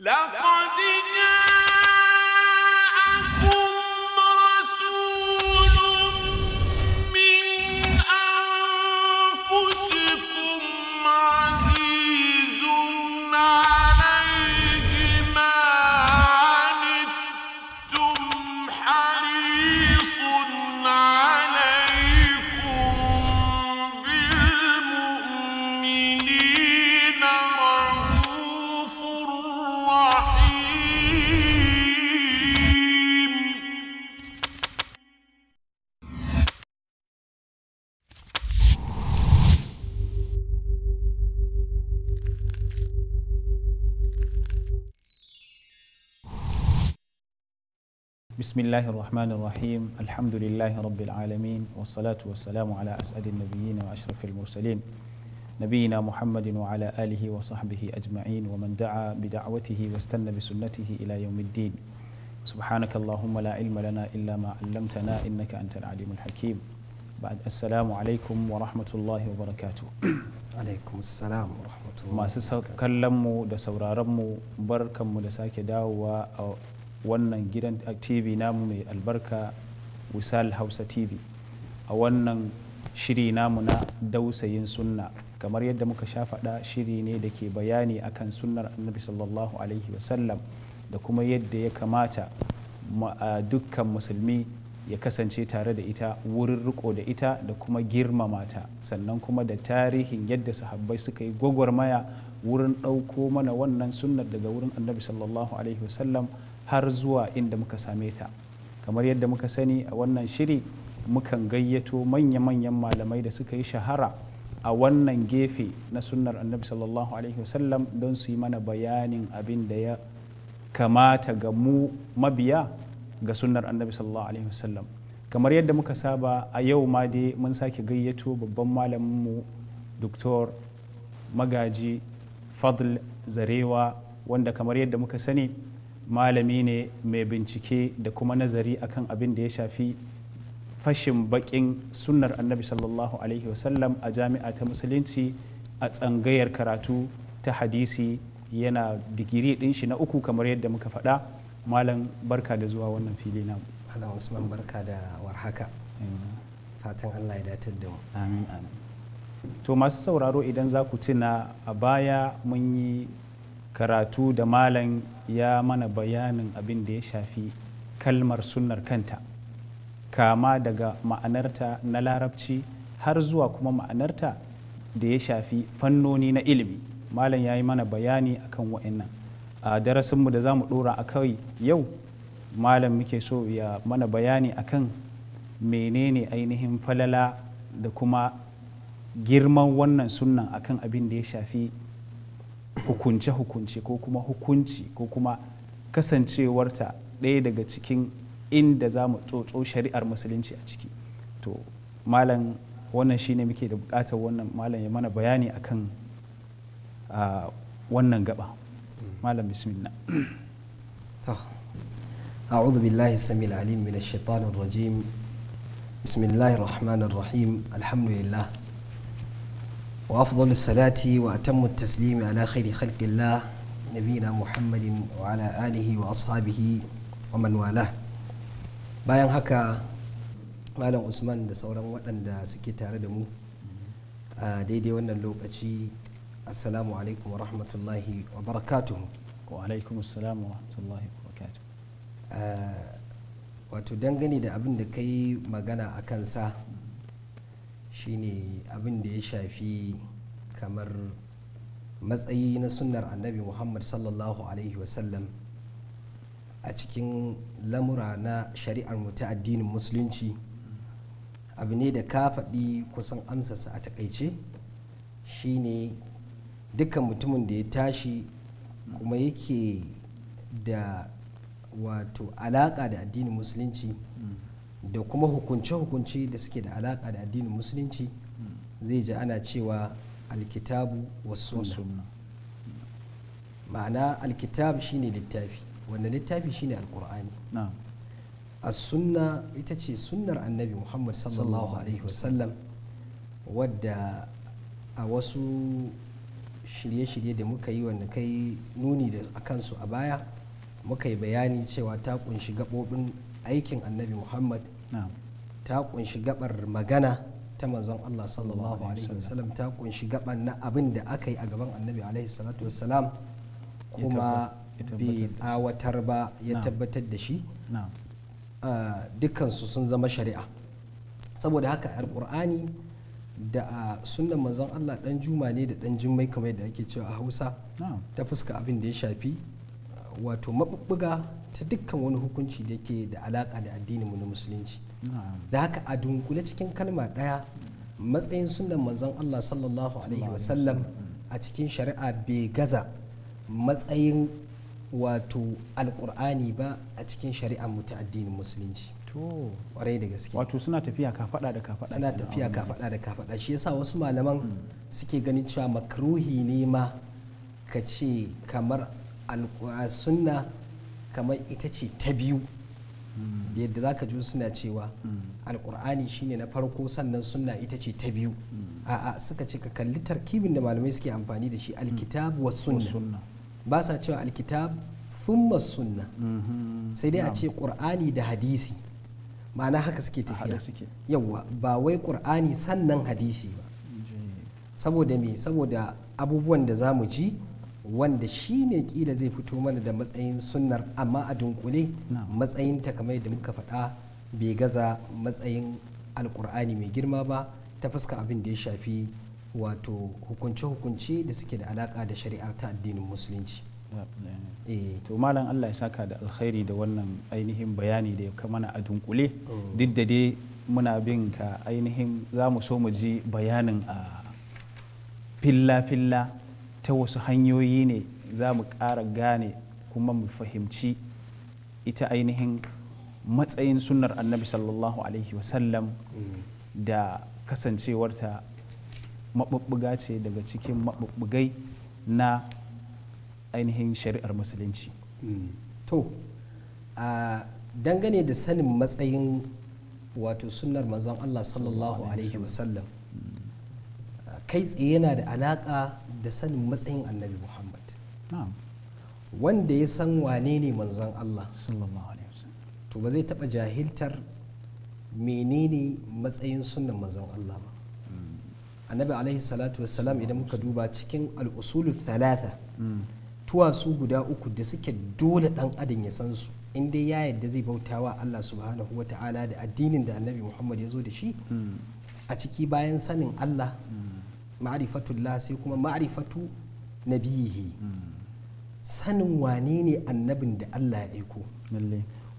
لقد بسم الله الرحمن الرحيم الحمد لله رب العالمين والصلاة والسلام على أسعد النبيين وأشرف المرسلين نبينا محمد وعلى آله وصحبه أجمعين ومن دعا بدعوته واستنى بسنته إلى يوم الدين سبحانك اللهم لا علم لنا إلا ما علمتنا إنك أنت العليم الحكيم بعد السلام عليكم ورحمة الله وبركاته عليكم السلام ورحمة الله ما سكلمو دا سورارمو بركمو دا ساكي داوا wannan gidan tv namu mai albarka wisal hausa tv a wannan shiri namu na dausayin sunna kamar yadda muka sha faɗa shiri ne da ke bayani akan sunnar annabi sallallahu alaihi wasallam da kuma yadda ya kamata dukkan musulmi ya kasance tare da ita wurin riko da ita da kuma girmama ta sannan kuma da tarihin yadda sahabbai suka yi gwagwarmaya wurin ɗauko mana wannan sunnar daga wurin annabi sallallahu alaihi wasallam har zuwa inda muka same ta kamar yadda muka sani a wannan shiri mukan gayyato manya-manyan malamai da suka yi shahara a wannan gefe na sunnar annabi sallallahu alaihi wasallam don su yi mana bayanin abin da ya kamata ga mu mabiya ga sunnar annabi sallallahu alaihi wasallam kamar yadda muka saba a yau ma dai mun sake gayyato babban malaminmu doktor magaji fadl zarewa wanda kamar yadda muka sani malami ne mai bincike da kuma nazari akan abin da ya shafi fashin bakin sunnar annabi sallallahu alaihi wasallam a jami'a ta musulunci a tsangayar karatu ta hadisi yana digiri din shi na uku kamar yadda muka faɗa malam barka da zuwa wannan fili na malam usman barka da warhaka fatan allah ya datar da mu amin amin to masu sauraro idan za ku tuna a baya mun yi karatu da malam ya mana bayanin abin da ya shafi kalmar sunnar kanta kama daga ma'anarta na larabci har zuwa kuma ma'anarta da ya shafi fannoni na ilimi malam ya yi mana bayani akan wa'annan a darasinmu da za mu ɗora a kai yau malam muke so ya mana bayani akan menene ainihin falala da kuma girman wannan sunnan akan abin da ya shafi hukunce-hukunce ko kuma hukunci ko kuma kasancewarta ɗaya daga cikin inda za mu tsotso shari'ar musulunci a ciki to malam wannan shine muke da bukatar wannan malam ya mana bayani akan wannan gaba malam bismillah أعوذ بالله السميع العليم من الشيطان الرجيم rajim الله الرحمن وأفضل الصلاة وأتم التسليم على خير خلق الله نبينا محمد وعلى آله وأصحابه ومن والاه bayan haka malam usman da sauran waɗanda suke tare da mu a daidai wannan lokaci assalamu alaikum wa rahmatullahi wa barakatuhu wa alaikum assalamu wa rahmatullahi wa barakatuhu wato dangane da abin da kai magana a kansa shine abin da ya shafi kamar matsayi na sunnar annabi muhammad sallallahu alaihi wasallam a cikin lamura na shari'ar mu ta addinin musulunci abu ne da ka faɗi kusan amsarsa a takaice shine dukkan mutumin da ya tashi kuma yake da wato alaƙa da addinin musulunci da kuma hukunce-hukunce da suke da alaƙa da addinin musulunci zai ji ana cewa alkitabu wasu sunna ma'ana alkitab shine littafi wanda littafi shine alkur'ani sunna ita ce sunnar annabi muhammad sallallahu alaihi wasallam wadda a wasu shirye-shirye da muka yi wanda kai nuni da akansu a baya muka yi bayani cewa ta kunshi gaɓoɓin aikin annabi muhammad ta kunshi gabar magana ta manzon allah sallallahu alaihi wasallam ta kunshi gaban na abin da aka yi a gaban annabi alaihi salatu wasallam kuma bai tsawatar ba ya tabbatar da shi ah, dukkansu sun zama shari'a saboda haka alkur'ani da a ah, sunan manzon allah dan juma ne da dan jimmai kamar da ake cewa a hausa ta fuska abin da ya shafi wato mabubbuga ta dukkan wani hukunci da yake da alaka da addininmu na musulunci da haka a dunkule cikin kalma ɗaya matsayin sunan manzon Allah sallallahu alaihi wasallam a cikin shari'a bai gaza matsayin wato alkur'ani ba a cikin shari'a mu ta addinin musulunci to kwarai da gaske wato suna tafiya ka faɗa da ka faɗa suna tafiya ka faɗa da ka faɗa shi yasa wasu malaman hmm. suke ganin cewa makruhi ne ma ka ce kamar sunna kamar ita ce ta biyu yadda za ka ji suna cewa alkur'ani shine na farko sannan sunna ita ce ta biyu a'a suka ce ka kalli tarkibin da malamai suke amfani da shi alkitab wa sunna ba sa cewa alkitab thumma sunna mm-hmm. sai dai a ce qur'ani da hadisi ma'ana haka suke tafiya yawa ba wai qur'ani sannan hadisi ba saboda me saboda abubuwan da za mu ji wanda shi ne kila zai fito mana da matsayin sunnar amma a dunkule matsayin ta kamar da muka faɗa bai gaza matsayin alkur'ani mai girma ba ta fuska abin da ya shafi wato hukunce-hukunce da suke da alaka da shari'a ta addinin musulunci eh. to malam allah ya saka da alkhairi da wannan ainihin bayani da ya mana a dunkule mm. duk da dai muna bin ka ainihin za mu so mu ji bayanin a filla-filla ta wasu hanyoyi ne za mu ƙara gane kuma mu fahimci ita ainihin matsayin sunnar annabi sallallahu alaihi wasallam da kasancewarta maɓuɓɓuga ce daga cikin maɓuɓɓugai na ainihin shari'ar musulunci to a dangane da sanin matsayin wato sunnar manzon allah sallallahu alaihi wasallam kai tsaye yana da alaƙa da sanin matsayin annabi muhammad wanda ya san wane ne manzon allah to ba zai taɓa jahiltar menene matsayin sunan manzon allah ba mm. annabi alaihi salatu wassalam idan muka duba cikin al'usulu thalatha mm. tuwasu guda uku da suke dole dan adam ya san su in dai ya yadda zai bautawa Allah subhanahu wa ta'ala da addinin da annabi Muhammad ya zo da shi mm. a ciki bayan sanin Allah ma'rifatullah sai kuma ma'rifatu nabiyihi sanin wane ne annabin da Allah ya aiko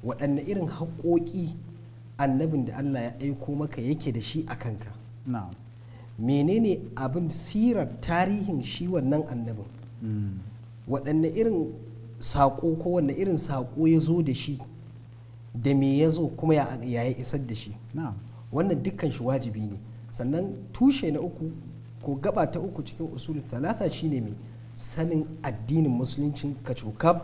waɗanne irin haƙoƙi annabin da Allah ya aiko maka yake da shi a kanka menene abin sirar tarihin shi wannan annabin mm. waɗanne irin saƙo ko wanne irin saƙo ya zo da shi da me ya zo kuma ya isar da shi wannan dukkan shi wajibi ne sannan tushe na uku ko gaba ta uku cikin usulul thalatha shine mai sanin addinin musulunci kacukab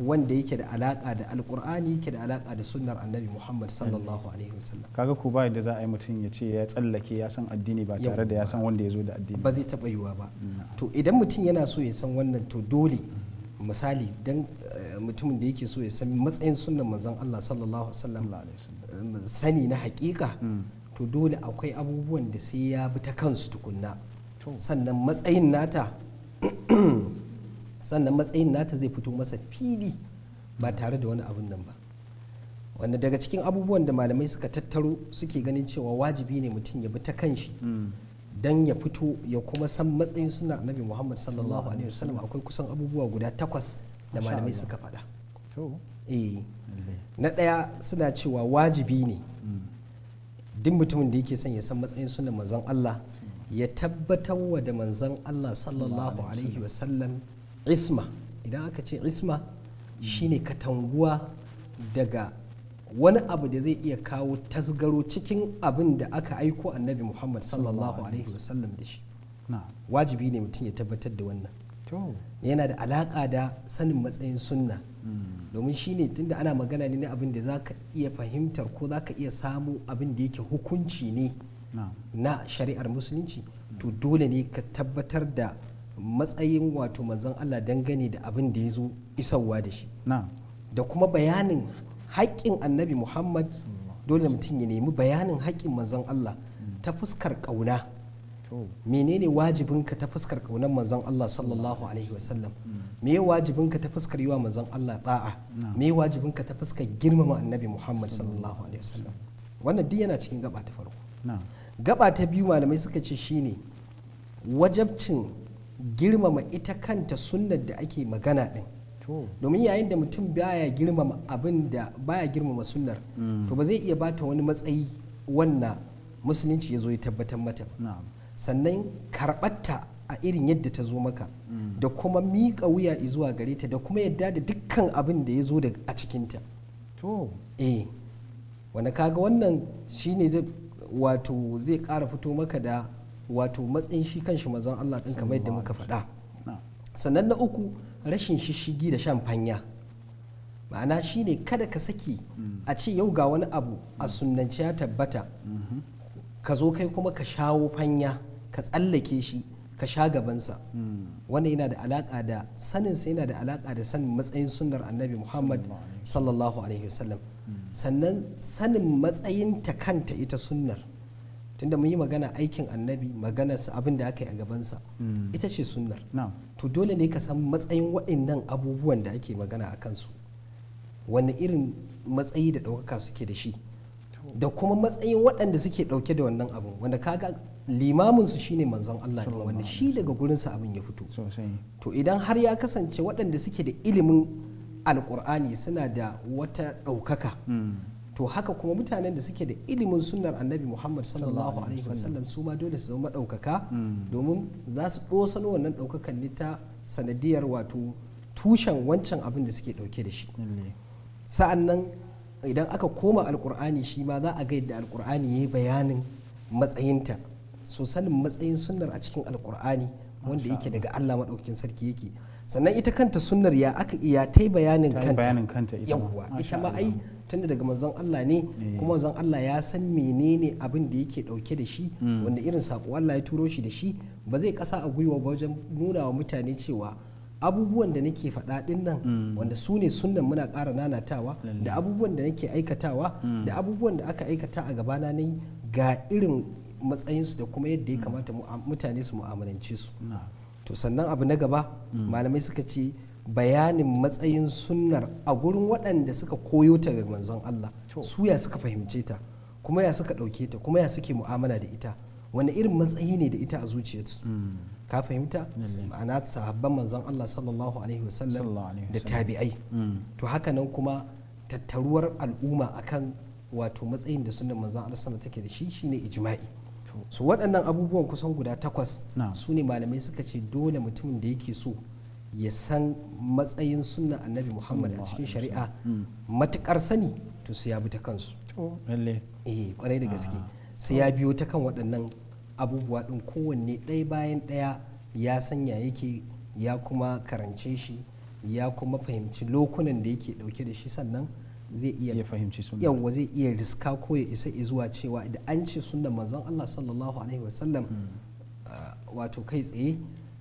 wanda yake da alaka da alkur'ani yake da alaka da sunnar annabi muhammad sallallahu alaihi wasallam kaga ko ba yadda za a yi mutum ya ce ya tsallake ya san addini ba tare da ya san wanda ya zo da addini ba zai taba yiwa ba to idan mutum yana so ya san wannan to dole misali dan eh, mutumin da yake so ya san matsayin sunnan manzon Allah sallallahu alaihi wasallam eh, sani na hakika hmm. to dole akwai abubuwan da sai ya bi ta kansu tukunna sannan matsayin nata sannan matsayin nata zai fito masa fili ba tare da wani abun nan ba wanda daga cikin abubuwan da malamai suka tattaro suke ganin cewa wajibi ne mutum ya bi ta kan shi hmm. don ya fito ya kuma san matsayin suna annabi muhammad sallallahu alaihi wasallam akwai kusan abubuwa guda takwas da malamai suka faɗa eh. na ɗaya suna cewa wajibi ne hmm. duk mutumin da yake son ya san matsayin sunan manzon allah ya tabbatar wa da manzan Allah sallallahu alaihi wasallam isma idan aka ce isma shine katanguwa daga wani abu da zai iya kawo tasgaro cikin abin da aka aiko annabi muhammad sallallahu alaihi wasallam da shi wajibi ne mutum ya tabbatar da wannan yana da alaƙa da sanin matsayin sunna mm. domin shine tunda ana magana ne na abin da za ka iya fahimtar ko za ka iya samu abin da yake hukunci ne na shari'ar musulunci to dole ne ka tabbatar da matsayin wato manzon Allah dangane da abin da ya zo isarwa da shi da kuma bayanin haƙƙin annabi muhammad dole mutum ya nemi bayanin haƙƙin manzon Allah ta fuskar ƙauna menene wajibinka ta fuskar ƙaunar manzon Allah sallallahu alaihi wasallam me wajibinka ta fuskar yiwa manzon Allah da'a me wajibinka ta fuskar girmama annabi muhammad sallallahu alaihi wasallam wannan duk yana cikin gaba ta farko gaba ta biyu malamai suka ce shine wajabcin girmama ita kanta sunnar da ake magana din domin yayin da mutum baya girmama abin da baya girmama sunnar mm. to ba zai iya bata wani matsayi wannan musulunci ya zo ya tabbatar mata sannan karɓarta a irin yadda ta zo maka mm. da kuma mika wuya zuwa gare ta da kuma yadda da dukkan abin da ya zo a cikinta to eh wanda kaga wannan shine zai wato zai ƙara fito maka da wato matsayin shi kanshi mazan Allah ɗin kamar yadda muka faɗa sannan na uku rashin shishigi da shan fanya ma'ana shine kada ka saki a ce yau ga wani abu a sunanci ya tabbata ka zo kai kuma ka shawo fanya ka tsallake shi ka sha gabansa wanda yana da alaka da saninsa yana da alaka da sanin matsayin sunnar annabi muhammad sallallahu alaihi wasallam sannan sanin ta kanta ita sunnar tunda mun yi magana aikin annabi maganarsa abin da aka yi a gabansa hmm. ita ce sunnar to dole ne ka san matsayin waɗannan abubuwan da ake magana a kansu wani irin matsayi da ɗaukaka suke da shi da kuma matsayin waɗanda suke ɗauke da wannan abu wanda kaga limaminsu shine manzon Allah ne wanda shi daga gurinsa abin ya fito to idan har ya kasance waɗanda suke da ilimin alkur'ani suna da wata ɗaukaka to haka kuma mutanen da suke da ilimin sunnar annabi muhammad sallallahu alaihi wasallam su ma dole su zama ɗaukaka hmm. domin za su ɗosano wannan ɗaukakan ne ta sanadiyar wato tushen wancan abin da suke ɗauke da shi sa'an nan idan aka koma alkur'ani shi ma za a ga yadda alkur'ani ya yi bayanin matsayinta so sanin matsayin sunnar a cikin alkur'ani wanda yake daga Allah maɗaukakin sarki yake sannan ita kanta sunnar ya aka iya ta yi bayanin kanta yawwa ita ma ai tunda daga manzon Allah ne eh. kuma manzon Allah ya san menene abin da yake dauke da shi hmm. wanda irin sako Allah ya turo shi da shi ba zai kasa a gwiwa ba wajen nuna wa mutane cewa abubuwan da nake faɗa din nan hmm. wanda su ne sunan muna ƙara nanatawa da abubuwan da nake aikatawa hmm. da abubuwan da aka aikata a gabana na ga irin matsayinsu da kuma yadda ya kamata mutane su mu'amalance su to sannan abu na gaba mm. malamai suka ce bayanin matsayin sunnar a gurin waɗanda suka koyo ta ga manzon Allah su ya suka fahimce ta kuma ya suka ɗauke ta kuma ya suke mu'amala da ita wani irin matsayi ne da ita a zuciyarsu mm. ka fahimta ma'ana sahabban manzon Allah sallallahu alaihi wasallam da tabi'ai mm. to haka nan kuma tattaruwar al'umma akan wato matsayin da sunan manzon Allah sallallahu alaihi wasallam take da shi shine ijma'i su waɗannan abubuwan kusan guda takwas su ne malamai suka ce dole mutumin da yake so ya san matsayin sunna annabi muhammad a cikin shari'a hmm. matukar sani to su ya bi ta kansu eh kwarai da gaske ah. sai ya biyo ta kan waɗannan abubuwa ɗin kowanne ɗaya bayan ɗaya ya sanya yake ya kuma karance shi ya kuma fahimci lokunan da yake ɗauke da shi sannan zai iya fahimci sunna yawa zai iya riska ko ya isa zuwa cewa da an ce sunna manzon Allah sallallahu alaihi wasallam hmm. ah, wato kai tsaye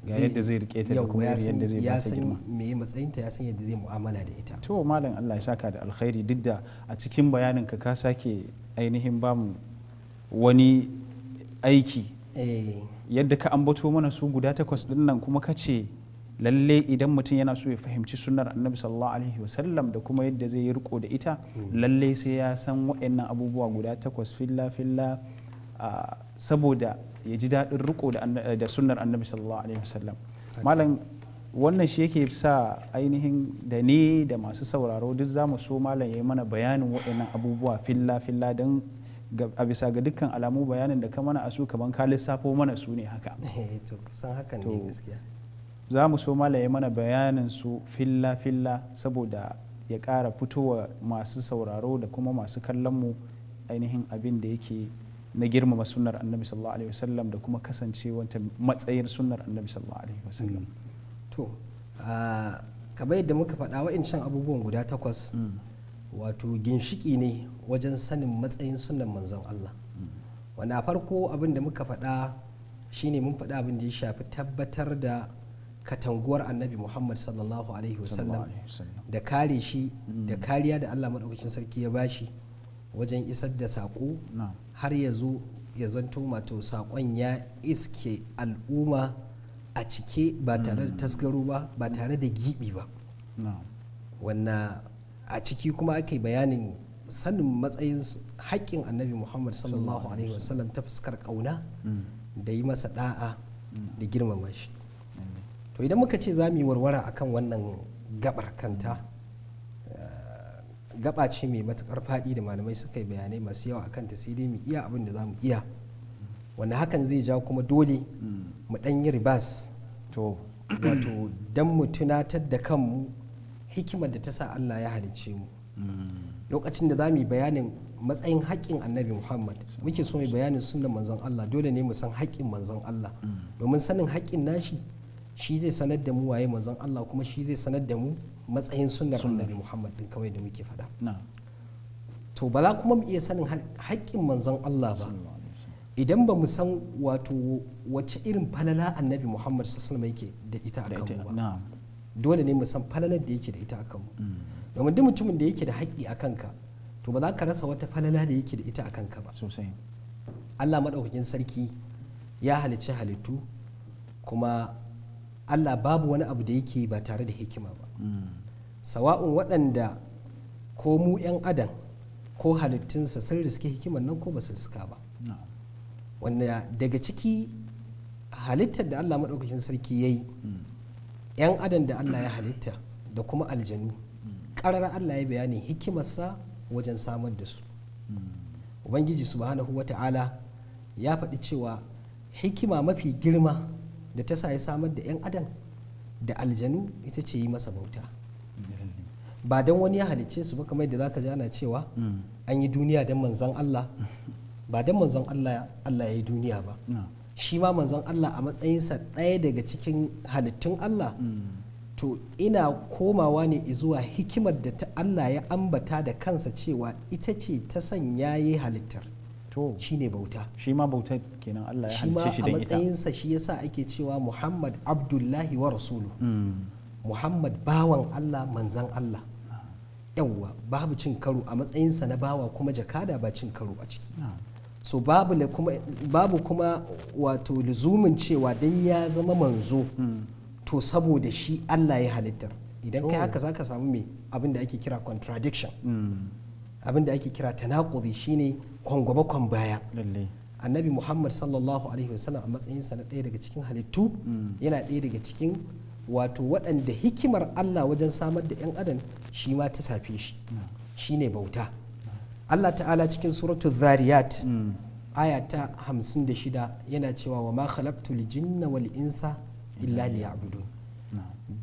ga yadda zai rike ta da kuma yadda zai bata girma me matsayin ta ya san yadda zai mu'amala da ita to malam Allah ya saka da alkhairi duk da a cikin bayanin ka ka sake ainihin bamu wani aiki eh. yadda ka ambato mana su guda takwas din nan kuma ka ce lalle idan mutum yana so ya fahimci sunnar annabi sallallahu alaihi wasallam da kuma yadda zai yi riko da ita hmm. lalle sai ya san waɗannan abubuwa guda takwas filla filla saboda ya ji daɗin riko da sunnar annabi sallallahu alaihi wasallam malam wannan shi yake sa ainihin da ne da masu sauraro duk za mu so malam ya yi mana bayanin waɗannan abubuwa filla filla don a bisa ga dukkan alamu bayanin da ka mana a su kaman ka lissafo mana su ne haka eh, za mu so malaye mana bayanin su filla-filla saboda ya ƙara fitowa masu sauraro da kuma masu kallon mu ainihin abin da yake na girmama sunnar annabi sallallahu alaihi wasallam da kuma kasancewa matsayin sunnar annabi sallallahu alaihi wasallam mm. to kamar yadda muka faɗa shan abubuwan guda takwas mm. wato ginshiki ne wajen sanin matsayin sunnar manzon Allah mm. wanda farko abin da muka faɗa shine mun faɗa abin da ya shafi tabbatar da katanguwar annabi muhammad sallallahu alaihi wasallam da kare shi da mm. kariya da allah maɗaukacin sarki ya bashi wajen isar da saƙo har ya zo ya zanto mato saƙon ya iske al'umma a cike ba tare da mm. tasgaro ba ba tare da giɓi ba wannan a ciki kuma ake bayanin sanin matsayin haƙƙin annabi muhammad sallallahu alaihi wasallam ta fuskar ƙauna mm. da yi masa ɗa'a da girmama shi to idan muka ce za mu yi warwara kan wannan gabar kanta eh, gaba ce mai matukar faɗi da malamai suka yi bayanai masu yawa akan ta sai dai mu iya abin da za mu iya wanda hakan zai ja kuma dole mu ɗan yi ribas to wato don mu tunatar da kanmu hikimar da ta sa Allah ya halicce mu mm. lokacin da za mu yi bayanin matsayin haƙƙin annabi muhammad muke so mu bayanin sunan manzon Allah dole ne mu san haƙƙin manzon Allah mm. domin sanin haƙƙin nashi shi zai sanar da mu waye manzon Allah kuma shi zai sanar da mu matsayin sunnar annabi Muhammad din kawai da muke faɗa to ba za kuma mu iya sanin haƙƙin manzon Allah ba idan ba mu san wato wace irin falala annabi Muhammad sallallahu yake da ita a kanmu ba dole ne mu san falalar da yake da ita a kanmu mm. domin duk mutumin da yake da haƙƙi a kanka to ba za ka rasa wata falala da yake da ita a kanka ba sosai Allah madaukakin sarki ya halicci halittu kuma Allah babu wani abu da yake ba tare da hikima ba mm. sawa'un waɗanda ko mu 'yan adam ko halittunsa sun riske hikimar nan ko ba su riska ba wanda daga ciki halittar da Allah maɗaukacin sarki ya yi mm. 'yan adam da Allah ya halitta da kuma aljanu mm. ƙarar Allah ya bayani hikimarsa wajen samar da su ubangiji subhanahu wata'ala ya faɗi cewa hikima mafi girma da ta sa ya samar da 'yan adam da aljanu ita ce yi masa bauta ba don wani ya halicce su ba kamar da zaka ji ana cewa an yi duniya don manzon Allah ba don manzon Allah Allah ya yi duniya ba shi ma manzon Allah a matsayinsa ɗaya daga cikin halittun Allah to ina komawa ne zuwa hikimar da ta Allah ya ambata da kansa cewa ita ce ta sanya yi halittar shine bauta shi ma bauta kenan Allah ya halice shi da ita shi ma a shi yasa ake cewa Muhammad Abdullahi wa rasulu mm. Muhammad bawan Allah manzan Allah yawwa babu cin karo a matsayinsa na bawa kuma jakada ba cin karo a ciki ah. so babu kuma babu kuma wato luzumin cewa dan ya zama manzo mm. to saboda shi Allah ya halittar idan kai haka zaka samu me abin da ake kira contradiction mm. abin da ake kira tanakuzi shine kwangwaba kwan baya annabi muhammad sallallahu alaihi wasallam a matsayinsa na ɗaya daga cikin halittu mm. yana ɗaya daga cikin wato waɗanda hikimar allah wajen samar da 'yan adam shi ma ta safe shi mm. shi ne bauta allah ta'ala cikin suratu zariyat mm. aya ta shida yana cewa wa ma khalaqtul jinna wal insa illa liya'budun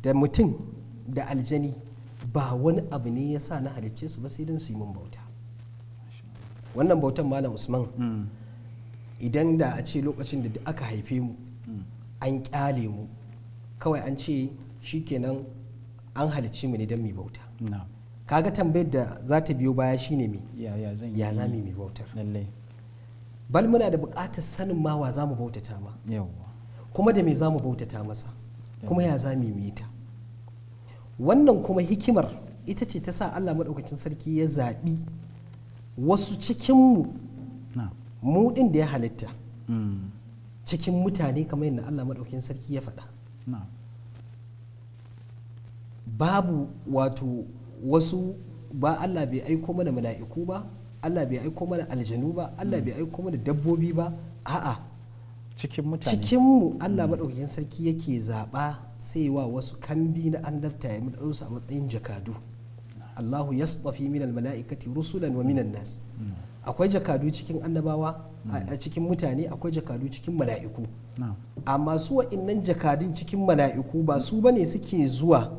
da mutum da aljani ba wani abu ne ya sa na halicce su ba sai don su yi mun bauta wannan bautan malam usman hmm. idan da a ce lokacin da aka haife mu hmm. an kyale mu kawai an ce shikenan an halicci mu ne don mai bauta kaga tambayar da za ta biyo baya shine me ya za mu bautar bal muna da bukatar sanin ma wa za mu bautata ma kuma da me za mu bautata masa kuma ya za mu yi ta wannan kuma hikimar ita ce ta sa Allah maɗaukacin sarki ya zaɓi wasu cikinmu mu ɗin da ya halitta cikin mutane kamar yadda Allah maɗaukin sarki ya faɗa babu wato wasu ba Allah bai aiko mana mala'iku ba Allah bai aiko mana aljanu ba Allah bai aiko mana dabbobi ba a'a cikin mutane cikinmu Allah mm. maɗaukakin sarki yake zaɓa sai wa wasu kambi na annabta ya mu a matsayin jakadu Allahu yasdafi minal mala'ikati rusulan wa minan nas akwai jakadu cikin annabawa a cikin mutane akwai jakadu cikin mala'iku amma su wa'innan jakadun cikin mala'iku ba su bane suke zuwa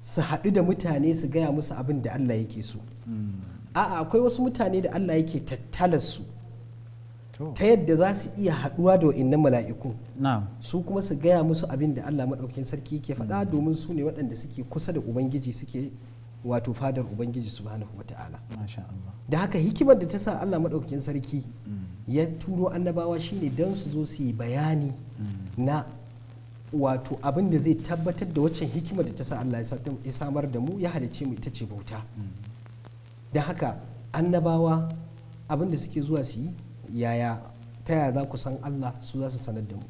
su haɗu da mutane su gaya musu abin da Allah yake so hmm. a'a akwai wasu mutane da Allah yake tattalar su ta yadda za su iya haɗuwa da wa'innan mala'iku su kuma su gaya musu abin da Allah maɗaukin sarki ke faɗa hmm. domin su ne waɗanda suke kusa da ubangiji suke wato fadar ubangiji subhanahu wata'ala da haka hikimar da ta sa allah maɗaukakin sarki ya turo annabawa shine don su zo su yi bayani mm. na wato abin da zai tabbatar da waccan hikimar da ta sa allah ya samar da mu ya halice mu ita ce bauta mm. da haka annabawa abin da suke zuwa su yi yaya ta yaya za ku san allah su za su sanar da mu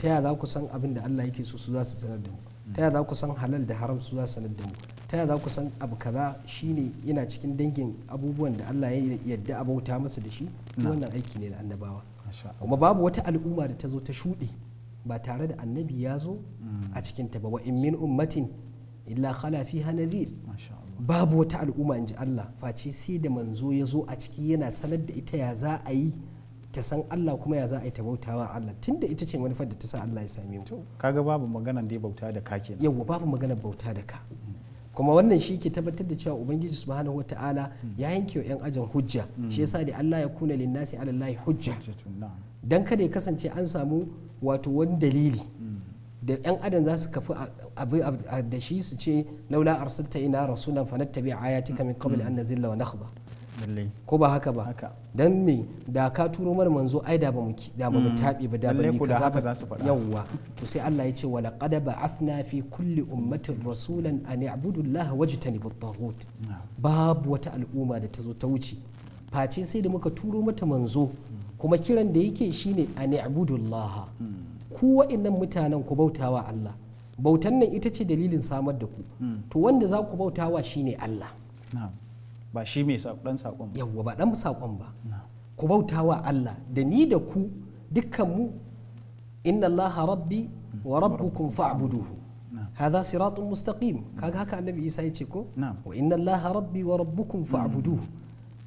ta yaya za ku san abin da allah yake so su za su sanar da mu ta yaya za ku san halal da haram su za su sanar da mu ta za ku san abu kaza shine yana cikin dangin abubuwan da Allah ya yadda abauta masa da shi wannan aiki ne da annabawa kuma babu wata al'umma da ta zo ta shuɗe ba tare da annabi ya zo mm. a cikin ta ba wa in min ummatin illa khala fiha nadhir babu wata al'umma inji Allah face sai da manzo ya zo a ciki yana sanar da ita ya za a yi ta san Allah kuma ya za a yi ta bautawa Allah tunda ita ce manufar da ta sa Allah ya same mu kaga babu maganar da bauta da ka kenan yawa babu maganar bauta da ka mm. kuma wannan shi ke tabbatar da cewa ubangiji subhanahu wata'ala ya yanke wa yan ajin hujja shi yasa da Allah ya kuna linnasi alallahi hujja dan kada ya kasance an samu wato wani dalili da yan adam za su kafi abu da shi su ce laula arsalta ina rasulan fanattabi ayatika min qabl an nazilla wa nakhda ko ba haka ba dan me da ka turo mana manzo ai da ba mu da ba mu mm. tabe ba da ba ni kaza ba yawwa to sai Allah ya ce wala qad ba'athna fi kulli ummatin rasulan an ya'budu Allah wajtanibu at-taghut babu wata al'umma da ta zo ta wuce face sai da muka turo mata manzo kuma kiran da yake shine an ya'budu Allah mm. ku wa'annan mutanen ku bautawa Allah bautan nan ita ce dalilin samar da ku mm. to wanda za ku bautawa shine Allah ba shi mai dan sakon ba yawwa ba dan sakon ba ku bauta wa Allah da ni da ku dukkan mu inna Allah rabbi hmm. wa rabbukum fa'buduhu hadha siratun mustaqim kaga haka annabi isa ya ce ko wa inna Allah rabbi wa rabbukum hmm. fa'buduhu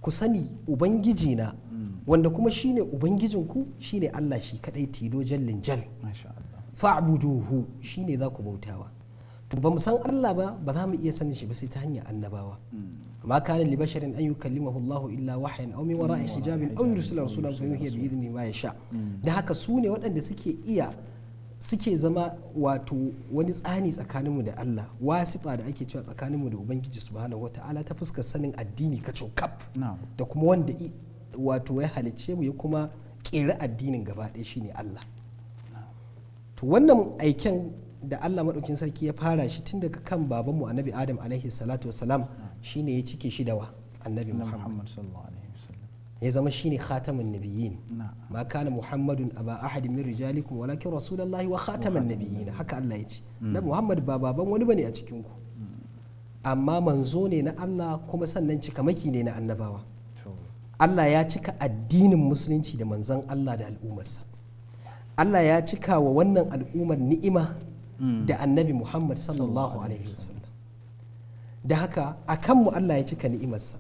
ku sani ubangijina hmm. wanda kuma shine ubangijin ku shine Allah shi kadai tilo jallin jal fa'buduhu shine za ku bautawa to ba mu san Allah ba ba za mu iya sanin shi ba sai ta hanyar annabawa ما كان لبشر أن يكلمه الله إلا وحيا أو من وراء حجاب أو يرسل رسولا فيوحي بإذن ما يشاء ده هكا سوني وأن سكي إيا suke zama wato wani tsani tsakaninmu da Allah wasita da ake cewa tsakaninmu da Ubangiji subhanahu wata'ala ta fuskar sanin addini ka kap da kuma wanda wato ya halicce mu ya kuma kera addinin gaba ɗaya shine Allah to wannan aiken da Allah maɗaukin sarki ya fara shi tun daga kan babanmu annabi Adam alaihi salatu wasalam shine ya cike shi wa annabi muhammad ya zama shine khataman nabiyyin ma kana muhammadun aba ahadin min rijalikum walakin rasulullahi wa khataman nabiyyin haka Allah ya ce mm. na muhammad ba baban wani bane a cikin ku mm. amma manzo ne na Allah kuma sannan cikamaki ne na annabawa Allah ya cika addinin musulunci da manzon Allah da al'ummarsa Allah ya cika wa wannan al'ummar ni'ima mm. da annabi Muhammad sallallahu alaihi wasallam da haka a kanmu Allah ya cika ni'imarsa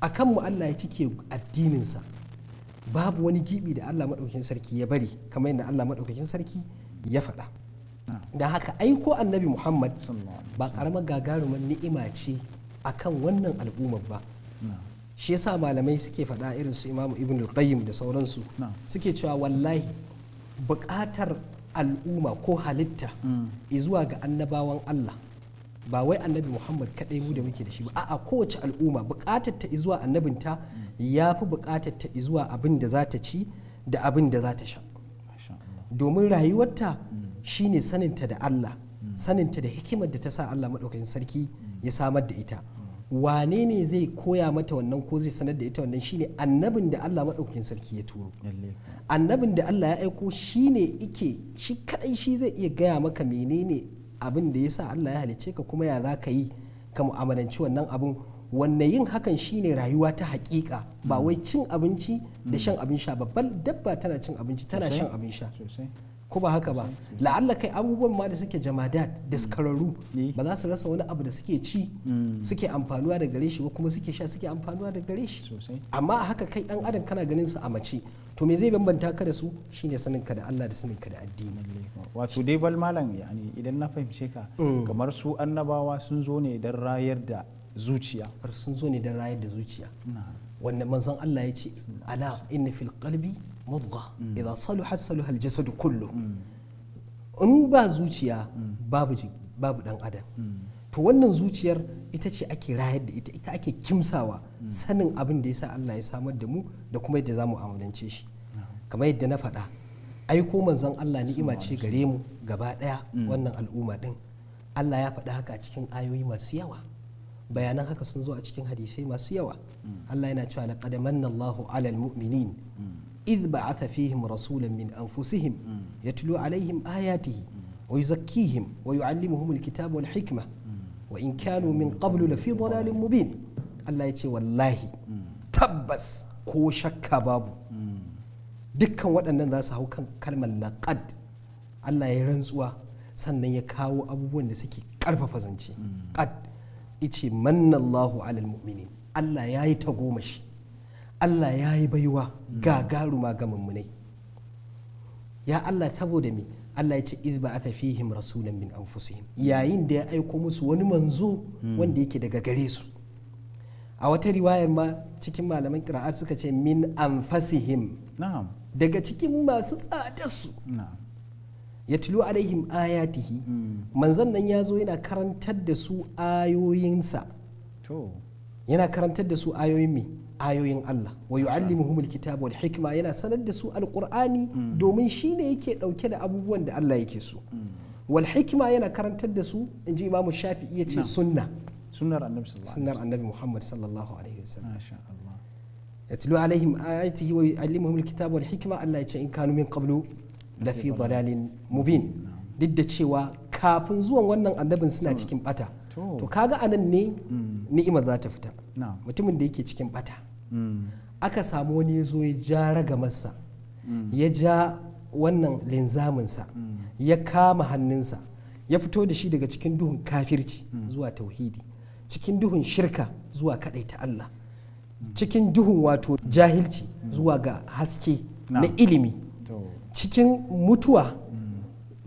a kanmu Allah ya cike addininsa babu wani gibi da Allah maɗaukakin sarki ya bari kamar yadda Allah maɗaukakin sarki ya faɗa da haka aiko annabi Muhammad ba ƙaramar gagarumin ni'ima ce a kan wannan al'ummar ba shi yasa malamai suke faɗa irin su imamu ibn qayyim da sauransu suke cewa wallahi buƙatar al'umma ko halitta mm. zuwa ga annabawan Allah ba wai annabi muhammad kadai mu da muke da shi ba a kowace al'umma bukatar ta zuwa annabinta ya fi bukatar ta zuwa abin da za ta ci da abin da za ta sha domin rayuwarta mm. shine saninta da allah saninta da hikimar da ta sa allah maɗaukacin sarki ya samar da ita mm. wane ne zai koya mata wannan ko zai sanar da ita wannan shine annabin da Allah maɗaukakin sarki ya turo annabin da Allah ya aiko shine ike shi kadai shi zai iya gaya maka menene abin da ya sa Allah ya halicce ka kuma ya za ka yi ka mu'amalanci wannan abin wanne yin hakan shine rayuwa ta hakika ba wai cin abinci da shan abin sha babban dabba tana cin abinci tana shan abin sha ko ba haka ba la'alla kai abubuwan ma da suke jamadat mm. daskararru ba za su rasa wani abu da suke ci mm. suke amfanuwa da gare shi ba kuma suke sha suke amfanuwa da gare shi amma a haka kai dan adam kana ganin su a mace to me zai bambanta ka da su shine sanin ka da Allah da sanin ka da addini wato dai bal malam yani idan na fahimce ka mm. kamar su annabawa sun zo ne dan rayar da zuciya sun zo ne dan rayar da zuciya wanda manzon Allah ya ce ala inna fil qalbi مضغة إذا صلحت صلح الجسد كله in ba zuciya mm. babu babu dan adam mm. to wannan zuciyar ita ce ake rayar da ita ita ake kimsawa mm. sanin abin da yasa Allah ya samar da mu da kuma yadda zamu amalance shi kamar yadda na faɗa aiko manzon Allah ni'ima ce gare mu gaba daya wannan al'umma din Allah ya faɗa haka a cikin ayoyi masu yawa bayanan haka sun zo a cikin hadisai masu yawa Allah yana cewa laqad manna Allahu 'alal mu'minin idh ba'atha fihim rasulan min anfusihim yatlu alaihim ayatihi wa yuzakkihim wa yu'allimuhum alkitaba wal hikma wa in kanu min qablu lafi dhalalin mubin Allah ya ce wallahi tabbas ko shakka babu dukkan waɗannan za su hau kan kalmar laqad Allah ya rantsuwa sannan ya kawo abubuwan da suke karfafa zance qad ice manna Allahu alal mu'minin Allah ya yi tagomashi allah ya yi baiwa ga gagaruma ga mummunai ya allah saboda me allah ya ce izba a fihim rasulan min anfusihim yayin da ya aiko musu wani manzo wanda yake daga gare su a wata riwayar ma cikin malaman kira'ar suka ce min anfasihim daga cikin masu tsadarsu ya tulu alaihim ayatihi hmm. manzan nan ya zo yana karantar da su ayoyinsa yana karantar da su ayoyin me ayoyin Allah wa yu'allimuhumul kitaba wal hikma yana sanar da su alqur'ani hmm. domin shine yake dauke da abubuwan da Allah yake so hmm. wal hikma yana karantar da su inji Imam Shafi'i yace sunna sunnar annabi sallallahu sunnar annabi Muhammad sallallahu alaihi wasallam masha Allah yatlu alaihim ayatihi wa yu'allimuhumul kitaba wal hikma Allah yace in kanu min qablu lafi dalalin mubin duk da cewa kafin zuwan wannan annabin suna cikin bata to kaga anan ne hmm. ni'imar za ta fita mutumin da yake cikin bata Mm. aka samu wani ya zo ya ja ragamarsa mm. ya ja wannan linzaminsa mm. ya kama hannunsa ya fito da shi daga cikin duhun kafirci zuwa tauhidi cikin duhun shirka zuwa ta Allah cikin duhun wato jahilci zuwa ga haske na ilimi cikin mutuwa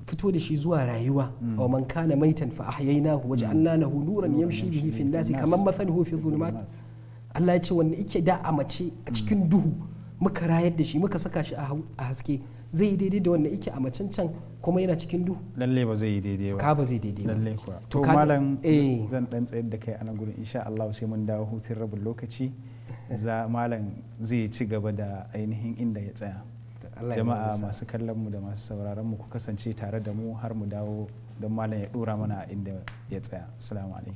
fito da shi zuwa rayuwa wa man kana maitan fa ahyaynahu wa ja'alna lahu nuran yamshi bihi fi nasi kaman mathaluhu fi dhulumat Allah ya ce wanda yake da a mace a mm. cikin duhu muka rayar da shi muka saka shi a haske zai yi daidai da wanda yake a macen can kuma yana cikin duhu lalle ba zai yi daidai ba ka ba zai daidai lalle kuwa to malam eh. zan dan tsayar da kai a nan gurin insha Allah sai mun dawo hutun rabin lokaci za malam zai ci gaba da ainihin inda ya tsaya jama'a masu kallon mu da masu sauraron mu ku kasance tare da mu har mu dawo don malam ya dora mana inda ya tsaya assalamu alaikum